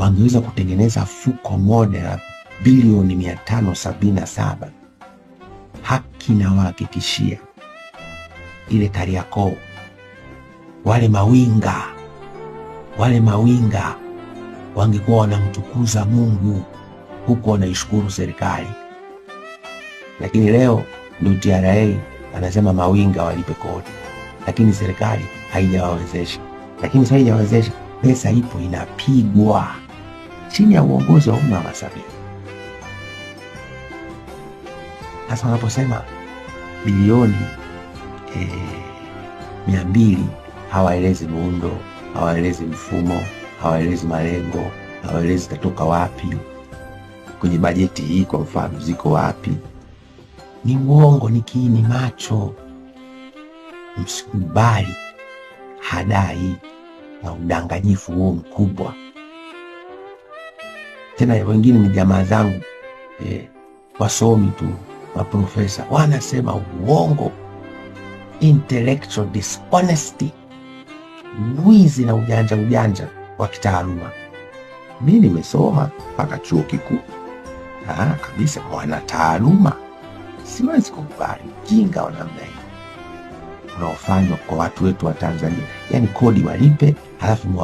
wangeweza kutengeneza fuko moja la bilioni 577 haki na wahakikishia ile Kariakoo, wale mawinga wale mawinga wangekuwa wanamtukuza Mungu huku wanaishukuru serikali. Lakini leo ndio TRA anasema mawinga walipe kodi, lakini serikali haijawawezesha. Lakini sasa haijawawezesha, pesa ipo inapigwa chini ya uongozi wa umma wa Samia. Hasa wanaposema bilioni eh, mia mbili, hawaelezi muundo, hawaelezi mfumo, hawaelezi malengo, hawaelezi itatoka wapi kwenye bajeti hii, kwa mfano ziko wapi? Ni uongo, ni kiini macho. Msikubali hadai na udanganyifu huo mkubwa tena wengine ni jamaa zangu eh, wasomi tu maprofesa wanasema uongo, intellectual dishonesty, wizi na ujanja ujanja wa kitaaluma. Mi nimesoma mpaka chuo kikuu kabisa, wanataaluma, siwezi kukubali ujinga wa namna hii unaofanywa kwa watu wetu wa Tanzania. yani kodi walipe, halafu ni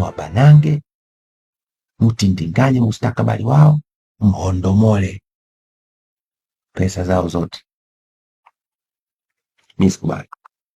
wabanange mtindinganye mustakabali wao, mhondomole pesa zao zote. Mi sikubali.